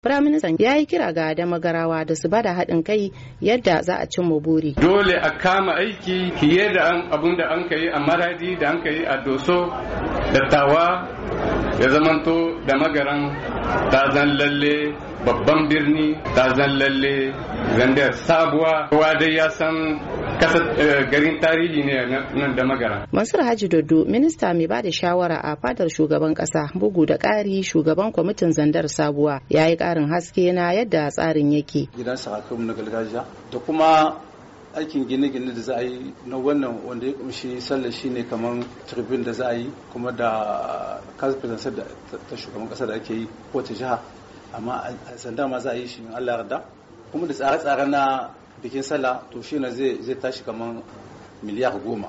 Firaministan ya yi kira ga da magarawa da su bada haɗin kai yadda za a cimma buri. Dole a kama aiki fiye da abun da an ka yi a maradi da an ka yi a doso da tawa ya zamanto da magaran ta zan lalle babban birni ta zan lalle zandar sabuwa kowa dai ya san kasa eh, garin tarihi ne nan da magara. Mansur Haji Dodo minista mai ba da shawara a fadar shugaban kasa bugu da ƙari shugaban kwamitin zandar sabuwa ya yi ƙarin haske na yadda tsarin yake. Gidan sakamakon na gargajiya da kuma aikin gine-gine da za a yi na wannan wanda ya kumshi sallar shi ne kamar tribune da za a yi kuma da kasfidansa da ta shugaban kasa da ake yi ko jiha amma a sanda ma za a yi shi in allah yarda kuma da tsare-tsare na bikin sallah to shi ne zai tashi kamar miliyar goma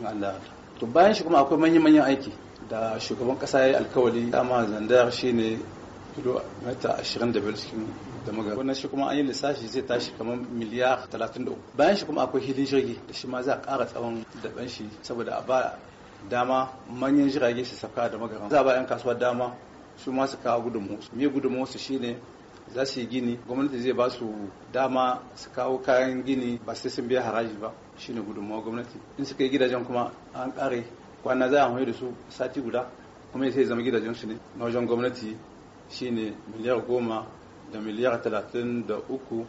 in allah yarda to bayan shi kuma akwai manya-manyan aiki da shugaban kasa ya yi alkawali dama zandar shi ne kudu mita 25 cikin da maga wannan shi kuma an yi lissafi zai tashi kamar miliyar 33 bayan shi kuma akwai hilin jirgi da shi ma za a ƙara tsawon daban shi saboda a ba dama manyan jirage su safka da magaran za a ba 'yan kasuwa dama su ma su kawo gudunmu su me gudunmu su shine za su yi gini gwamnati zai ba su dama su kawo kayan gini ba sai sun biya haraji ba shine gudunmuwa gwamnati in suka yi gidajen kuma an kare kwana za a hanyoyi da su sati guda kuma sai zama gidajen su ne na wajen gwamnati Shi ne miliyar goma da miliyar talatin da uku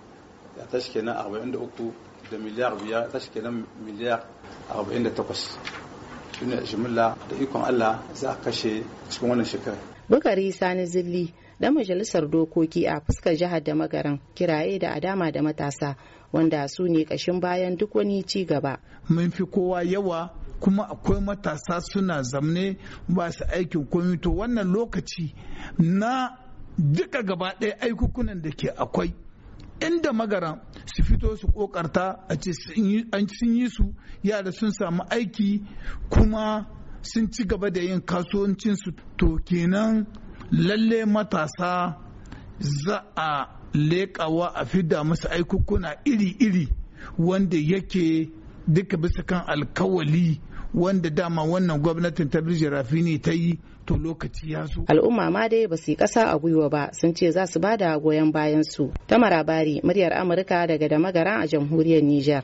ya tashke na arba'in da uku da miliyar biyar tashke na miliyar arba'in da takwas ne jimilla da ikon allah za a kashe cikin wannan shekara bukari sani zilli dan majalisar dokoki a fuskar jihar da magaran kiraye da adama da matasa wanda su ne kashin bayan duk wani ci gaba mun fi kowa yawa kuma akwai matasa suna zamne ba su aikin komi to wannan lokaci na duka gaba ɗaya aikukunan da ke akwai inda magara su fito su kokarta a ce sun yi su yara sun samu aiki kuma sun ci gaba da yin kasuwancinsu to kenan lalle matasa za a leƙawa a fida musu aikukuna iri-iri wanda yake duka bisa kan alkawali wanda dama wannan gwamnatin ta birji rafini ta yi to lokaci ya zo. Al'umma ma dai ba su yi ƙasa a gwiwa ba sun ce za su ba goyon bayan su. Tamara Bari, muryar Amurka daga da magaran a jamhuriyar Nijar.